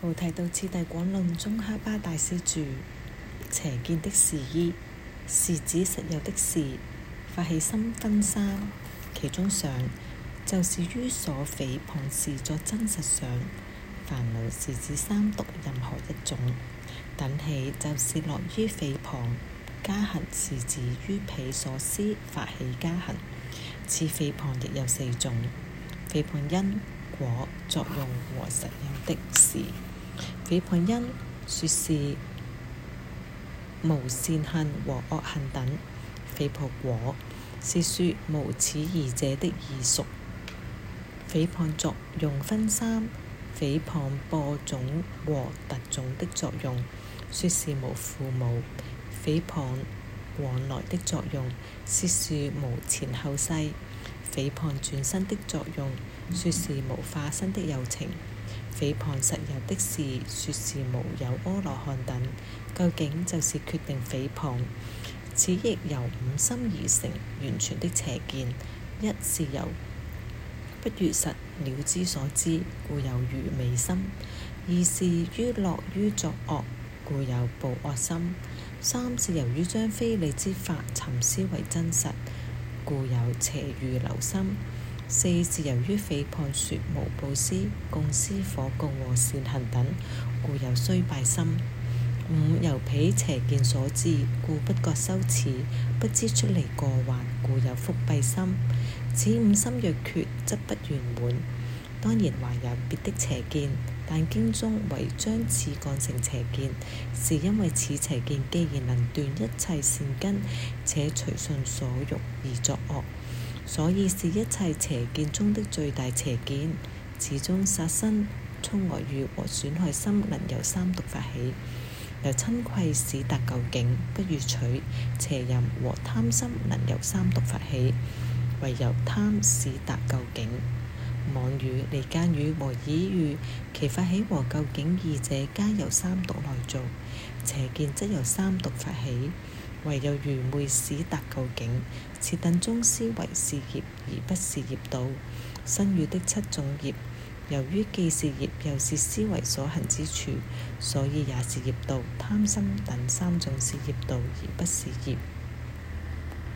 菩提道次第廣論中哈巴大師住邪見的事意，是指實有的事；發起心分三，其中想就是於所誹謗事作真實想煩惱；是指三毒任何一種等起，就是落於誹謗加行；是指於彼所思發起加行，此誹謗亦有四種誹謗因。果作用和實有的事，誹謗因説是無善恨和惡恨等；誹謗果是説無此二者的異熟。誹謗作用分三：誹謗播種和特種的作用，説是無父母；誹謗往來的作用，説是說無前後世。誹謗轉生的作用，説是無化生的有情；誹謗實有的事，説是無有阿羅漢等。究竟就是決定誹謗，此亦由五心而成，完全的邪見。一是由不如實了之所知，故有愚昧心；二是於樂於作惡，故有暴惡心；三是由於將非理之法沉思為真實。故有邪遇留心；四是由於誹謗説無布施，共施火共和善行等，故有衰敗心；五由彼邪見所致，故不覺羞恥，不知出離過患，故有覆蔽心。此五心若缺，則不圓滿。當然還有別的邪見。但經中為將此講成邪見，是因為此邪見既然能斷一切善根，且隨順所欲而作惡，所以是一切邪見中的最大邪見。此中殺生、粗惡語和損害心，能由三毒發起；由瞋恚使達究竟，不與取邪淫和貪心，能由三毒發起；唯有貪使達究竟。妄語、離間語和綺語，其發起和究竟二者皆由三毒來做。邪見則由三毒發起。唯有愚昧使達究竟，此等中思維是業，而不是業道。身語的七種業，由於既是業，又是思維所行之處，所以也是業道。貪心等三種是業道，而不是業。